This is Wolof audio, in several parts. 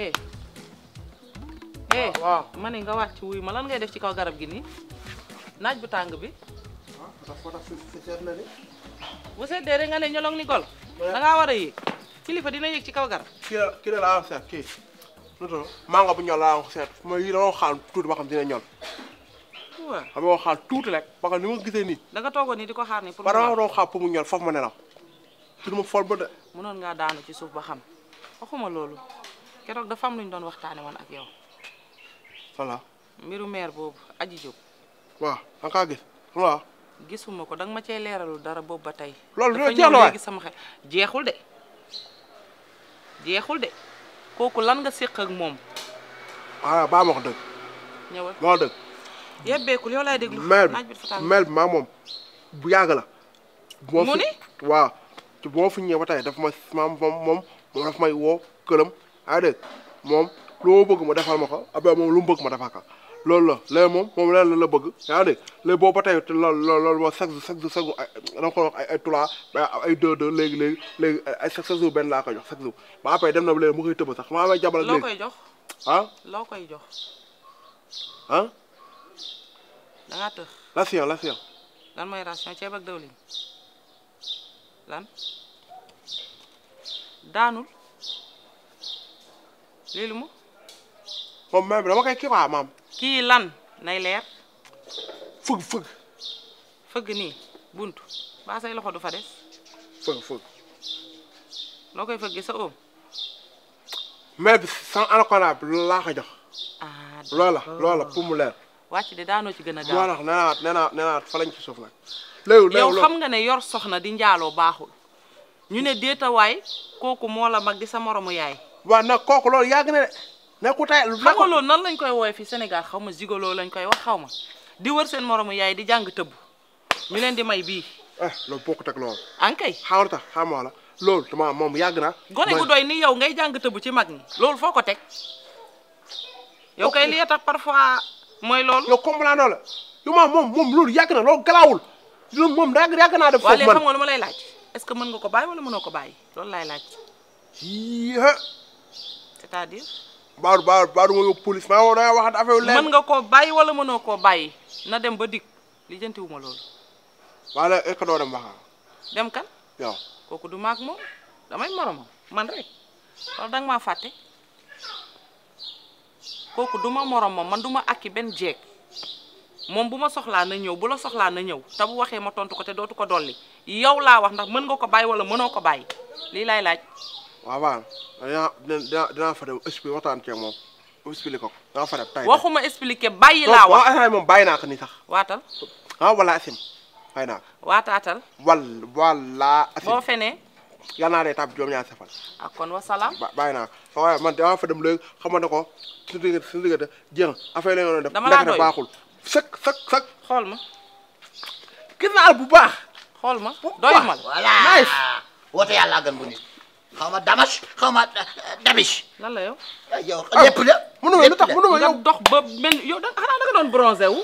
eh eh ma ne nga wàcc wuy ma lan ngay def ci kaw garab gi naaj bu tàng bi bu seddee rek nga ne ñolong ni gol da ngaa war a yéeg kilifa dina yéeg ci kaw garab kii kii la laa seet kii nutu mango bu ñol laa wax seet ma yi dama xaal tuuti ba xam dina ñol waaw xam nga xaal rek parce que ni ma gisee nii da nga di xaar nii pour dama doon xaar pour mu ñol foofu ma nelaw tuuti ma fol ba de daanu ci suuf ba xam waxuma kérok dafa am luñ doon waxtaane woon ak yow. fala mbiru maire boobu aji jóg. wa da ka gis wa gisuma ko danga ma cey leeralul dara boobu ba tey. loolu dafa ñëw léegi sama xé jeexul dé jeexul dé koku lan nga séq ak mom ah ba ma wax deug ñewal ma deug dëgg. yow lay déglu. mel mel bi maa bu yag la. mu ni waaw bo fi mam ba tey dafa ma mom mom dafa may wo këram. yaa ngi dégg moom lu ma bëgg ma defal ma ko après moom lu mu bëgg ma defal ko loolu la léegi moom moom leneen la bëgg yaa ngi dégg léegi boo ba tey loolu loolu moom chaque jour chaque jour ay ay trois ay deux deux léegi léegi léegi ay chaque benn laa koy jox chaque jour ba après dem na léegi mu koy tëb sax maa may jabal ak léegi loo koy jox ah loo koy jox ah da ngaa tëx ration ration daanul lii lu mu. moom bi dama koy kii quoi maam. kii lan nay leer. fëgg fëgg. fëgg nii buntu baa say loxo du fa des. fëgg fëgg. loo koy fëgg sa oom. maam bi sans anaconda bi laa ko jox. Ah, loola loola pour leer. wàcc de daanoo ci gën a gaaw loola nee naa nee naa nee naa fa ci suuf nag. yow xam nga ne yor soxna di njaaloo baaxul. ñu ne déeta kooku moo la mag di sa moroomu yaay. waaw nag kooku loolu yàgg na de nekku tey xam nga nan lañ koy woowee fi senegal xaw ma zigolo lañ koy wax xaw ma di wër seen moromu yaay di jàng tëbb ñu leen di may bii eh loolu bokkut ak loolu ankay xawar tax xam wala loolu dama moom yàgg na gone gu doy ni yow ngay jàng tëbb ci mag ñi loolu foo ko teg yow kay li tax parfois mooy loolu yow comprendre la yu ma moom moom loolu yàgg na galaawul loolu moom yàgg yàgg naa def foofu man waaye xam nga lu ma lay laaj est que mën nga ko bàyyi wala mënoo ko bàyyi loolu laay laaj c'est-à-dire baaru baaru baaru nga yóbbu police maa war a ya waxat affaire leer mën nga koo bàyyi wala mënoo koo bàyyi na dem ba dikk lijjanti wu ma loolu maa la est-ce que doo dem waxaa dem kan yow kooku du maag moom damay moromam man rek wala danga maa fàtte kooku duma moromam man duma akki ma na ñëw bu la soxlaa na ñëw te bu waxee ma tontu ko te dootu ko dolli yow laa wax ndax mën nga ko wala mënoo ko bàyyi lii laaj waaw waaw dinaa dinaa dinaa fa dem expliqué waxtaan ceeg moom expliqué ko dinaa fa dem. tey waxuma expliqué bàyyi laa wax waaw waaw moom bàyyi naa ko nii sax. waatal ah wala asim bàyyi naa ko. waataatal. wal wala asim boo fenee. yal naa dee tab juróom ñaari safal. ak kon wasalaam. ba bàyyi naa ko waaye man dinaa fa dem léegi xamal ne ko suñu diggante suñu diggante jéem affaire la ñu def. dama laa doy baaxul sëkk sëkk sëkk. xool ma. gis naa bu baax. xool ma doyul ma la voilà. nice. woote yàlla gën bu nit. xaw ma damash xaw ma eh, lan la yow. Eh, yow ah, lépp la. mënu lu tax mënu yow dox ba mel yow da xanaa nga doon bronzé wu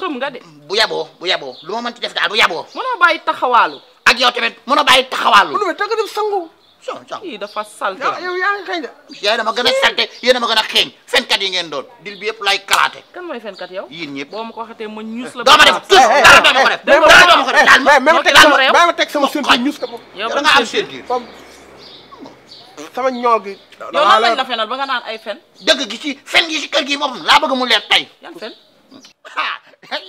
xam nga de. bu yaboo bu yaboo lu ma mënti def daal bu yaboo. mënoo bàyyi taxawaalu. ak yow tamit mënoo bàyyi taxawaalu. mënu ma dem sangu. song song kii dafa salte. Ah, yow yaa ngi xëy na. yéen a salte yéen a ma gën a xeeñ yi ngeen doon dil bi yëpp lay kalaate. kan mooy fenkat yow. yéen ñëpp boo ma ko waxatee ma ñuus la. doo def tuus eh, dara doo ma ko def. dara doo ma ko def daal ma. ma teg sama ma teg sama ceinture ñuus ko. yow da nga am ceinture sama ñoo gi. yow lan la fenal ba nga naan ay fen. dëgg gi ci fen gi ci kër gi moom laa bëgg mu leer tey. yan fen. ah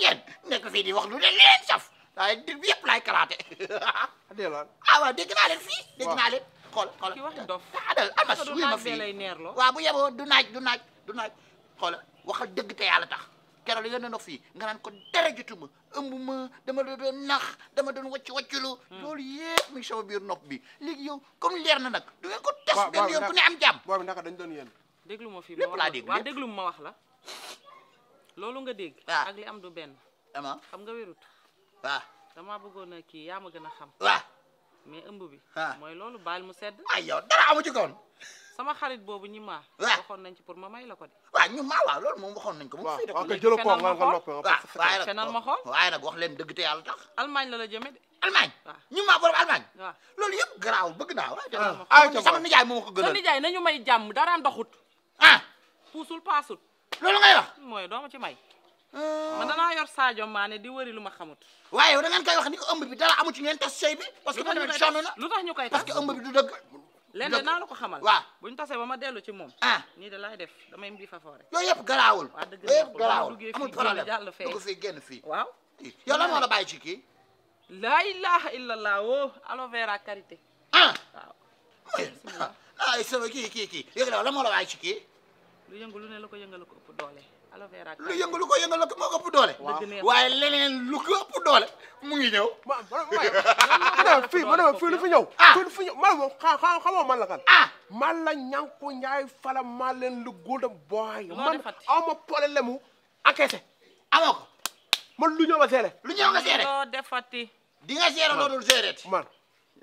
yéen nekk fii di wax lu leen leen saf waaye dégg yëpp laay kalaate. Ah, ah waaw dégg naa leen fii dégg naa leen. xool xool ki wax dof adal ah, almas wuy ma fii waaw bu yeboo du naaj du naaj du naaj xool waxal dëgg te yàlla tax. keroog yónnee na fii nga naan ko dara jotuma ëmb ma dama la doon nax dama doon wàcc wàcculu hmm. loolu yëpp mi ngi sama biir nopp bi léegi yow comme leer na nag du ngeen ko tas benn yoon ku ne am jàmm boobu naka dañ doon yéen déglu ma fi lépp laa dégg waaw ma wax la loolu nga dégg ak li am du benn ama xam nga wérut waaw bëggoon a kii yaa ma gën a xam waaw mais ëmb bi mooy loolu baal mu sedd ay yow dara amu ci koon sama xarit boobu ñi maa. waaw waxoon nañ ci pour ma may la ko de. waaw ñu maa waaw loolu moom waxoon nañ ko. waaw waaw kay jëloo ko nga nga noppi waaw waaye nag fenal ma xool waaye nag wax leen dëgg te yàlla tax. Allemagne la la jëme de. Allemagne ñu maa borom Allemagne. waaw loolu yëpp garaaw bëgg naa waaw. ah ca sama nijaay moo ko gënal. sa nijaay nañu may jàmm dara ndoxut. ah. puusul paasul. loolu ngay wax. mooy doo ma ci may. Ah. man danaa yor Sadio Mané di wëri lu ma xamut. waaye da ngeen koy wax ni ëmb bi dara amu ci ngeen tas sey bi. parce que sonn na lu tax ñu koy tas parce que ëmb bi du dëgg lenn naa la ko xamal waaw buñu tasee ba ma dellu ci moom ah nii da laay def damay mbi fa foore yooyu yëpp garaawul waaw dëgg yëpp garaawul amul problème jàll yo dugg fii génn fii la moo la bàyyi ci kii laa ilaha illallah woo oh, aloe vera karité ah waaw ah, ay sama kii kii la la moo la lu yëngu lu ne la ko yëngal ko ëpp doole. aloe vera lu yëngu ko yëngal la ko moo ko doole. waaye leneen lu ko doole mu ngi ñëw. ma ma fii ma ne fi lu fi ñëw ah! man moom xa xamoo man la kan. ah man la ñànku njaay fala maa lu góodam booy. man aw ma pole lemu encaissé. amoo ko lu ñëw ma seere. lu ñëw nga seere. doo defati. di nga seere loolu man.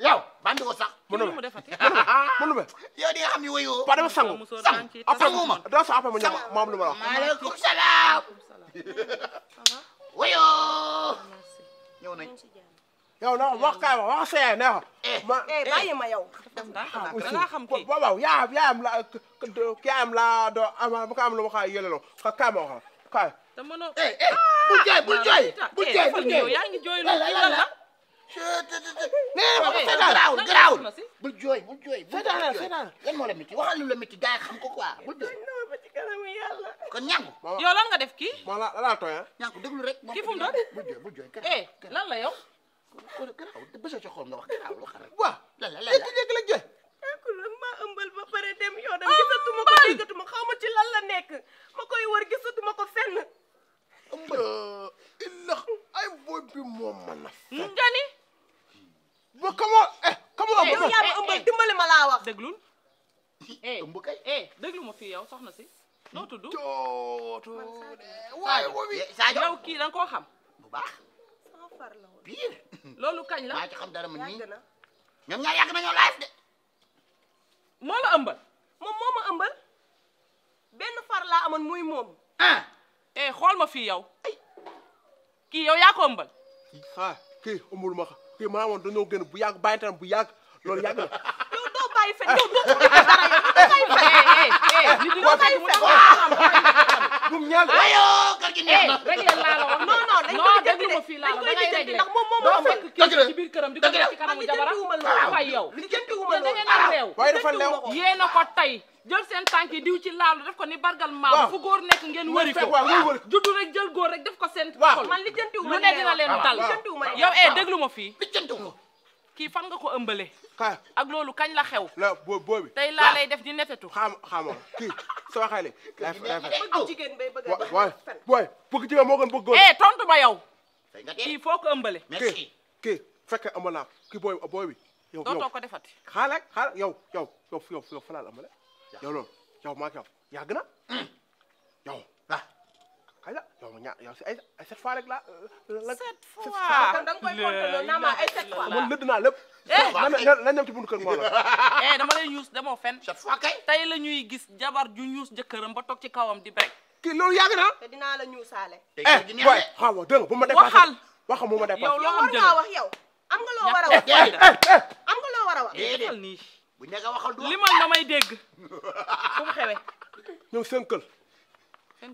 yow bandi ko sax. mënul mënul mënul mënul. yow di nga xam ne woyoo. pa a sangu sangu après ma dama sangu après ma ñëw ma ma am lu ma wax. maaleykum salaam. woyoo. ñëw nañ. yow non wax kaay wax wax seey ne wax. ma eh. Eh, eh, ma yow. Ah, danaa xam la kii am la doo ama bu ko am lu ma ko ka kaay ma wax kaay. dama noo. Ah, bu jooy bu jooy la. nee ma ko seetaanal garaawul bul jooy bul jooy. seetaanal seetaanal lan moo la métti waxal lu la métti gars yi xam ko quoi bul jooy. kon ñàngu. yow lan nga def kii. moo la laa tooy ah. ñàngu déglu rek. kii fu bul jooy bul jooy. eh lan la yow. garaawul bés a ci xool nga wax garaawul wax rek. waaw lan la lan la léegi jooy. Eh, ëmb kay eh déglu ma fii yow soxna si noo tudd jooto eh, eh, kii da nga koo xam bu baax sama far la woon pire loolu kañ la maa ci xam dara man nii ñoom moo la ëmbal moom moo ma ëmbal benn far laa amoon muy moom ah xool ma fii yow kii yow yaa ko ëmbal kii ah, ëmbul ma kii maa woon dañoo gën bu yàgg bàyyi tam bu yàgg loolu yàgg la ay fen yow dootul di def dara yow dootul ay fen. dootul ay fen waaw. bu mu ñaar ayoo kër gi neex na. rek leen laa la wax non non dañ koy déglu de dañ koy déglu ndax moom moom moo fekk kii ci biir këram di ko def ci kanamu jabaram waaw yow. li jëntiwuma loolu da ngeen a réew. waaye dafa lew yéen a ko tey. jël seen tànk yi diw ci laalu def ko ni bargal maam fu góor nekk ngeen wëri ko juddu rek jël góor rek def ko seen xol man li jëntiwuma lu ne dina leen dal yow eh déglu ma fii li jëntiwuma kii fan nga ko ëmbale. ak loolu kañ la xew. la boo boobi tey laa lay def di netetu. xam xamoo kii soo xale. laay laay bëgg jigéen bay bëgg a eh, tontu ba yow. kii foo ko ëmbale. kii kii fekke amoon naa kii booy boobi. yow yow ko defati. xaaral xaaral yow loolu yow maa yow yàgg xëy na yow ma ñaar yow si ay ay sept fois rek euh, euh, la. sept fois kon da nga koy compter loolu naa ma ay sept fois eh. eh, fen sept fois kay la ñuy gis jabar ju ñuus jëkkëram ba toog ci kawam di brek. kii loolu yàgg na. te dinaa la ñuusaale. Eh, tey jii di neexee eh waaw dégg nga bu ma dépassé waxal waxal bu loo am jëloon yow war ngaa wax yow. am nga loo a wax am nga loo war a wax. déedéet nii bu nekk waxal du seen kër.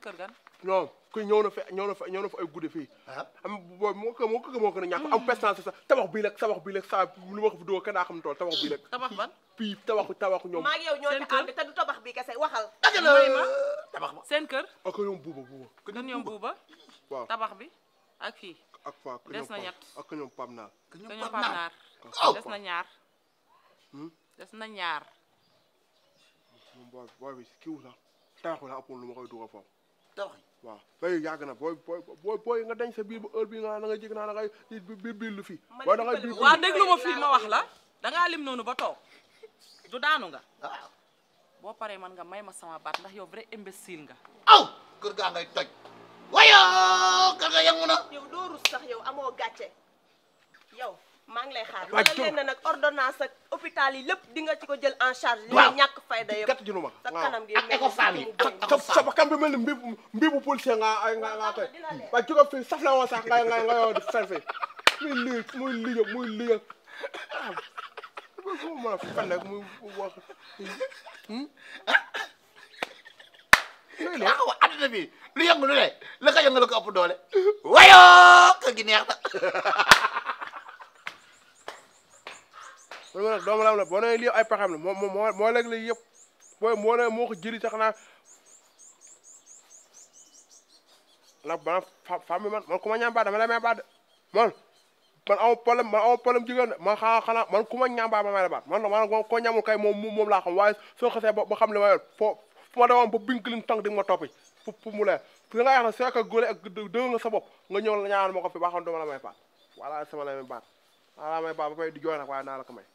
kër gan non ku ñëw na fa ñëw na fa ñëw na fa ay guddi fii ah. am boobu moo ko moo ko moo ko na ñàkk am pestance sax tabax bii rek tabax bii rek sa lu ma ko fi dóor ka naa xam tool tabax bii rek tabax ban fii tabaxu tabaxu ñoom maa ngi yow ñoo ci ànd te du tabax bi kese waxal ma tabax ba seen kër ak ah, ñoom buuba buuba kan ñoom buuba waaw tabax bi ak fii ak fa des na ñett ak ñoom pam naar ka ñoom pam naar des na ñaar hmm? des na ñaar moom booy bi kiiwu sax tabaxu la appoon lu ma koy dugal foofu tabax waaw bay yàgg na booy booy booy nga denc sa biir ba heure bii nga na nga jig naa da ngay biir biir lu fii booy da ngay biir waaw déglu ma fii ma wax la lim noonu ba toog du daanu nga boo paree man nga may ma sama baat ndax yow vrai imbécile nga aw kër gaa ngay toj wayo kër ga yangu na yow doo rus sax yow amoo gàcce maa ngi lay xaar wala leen na nag ordonnance ak hôpital yi lépp di nga ci ko jël en charge li nga ñàkk fayda yëpp kat junuma sa kanam gi ak écofam yi sa bakkan bi mel ni mbi mbi bu policier nga nga nga tey waaye jóge fii saf la woon sax nga nga nga yow di fer fi muy lii muy lii muy lii mu mën a fan rek muy wax hmm? loolu ah, waaw àdduna bi lu yëngu lu ne la ko yëngal ko ëpp doole wayoo ka gi neex na man ma nag doomu laam la boo nee lii ay pexam la moo moo moo lekk lii yëpp booy moo nee ko jëri sax la bana femme man man ku ma ñaam baat dama lay may baat de man man aw problème man aw problème jigéen de man xanaa xanaa man ku ma ñaam baat ma may la baat man man koo ñaamul kay moom moom laa xam waaye soo xasee ba xam li ma yor foo fu ma demoon ba binkilin tànk di ma toppi fu fu mu leer fu nga yaakaar ne soo ko ak dëgg nga sa bopp nga ñëw la ñaan ma fi baaxoon dama la may wala sama la xanaa may baax ba may di jooy nag waaye naa la ko may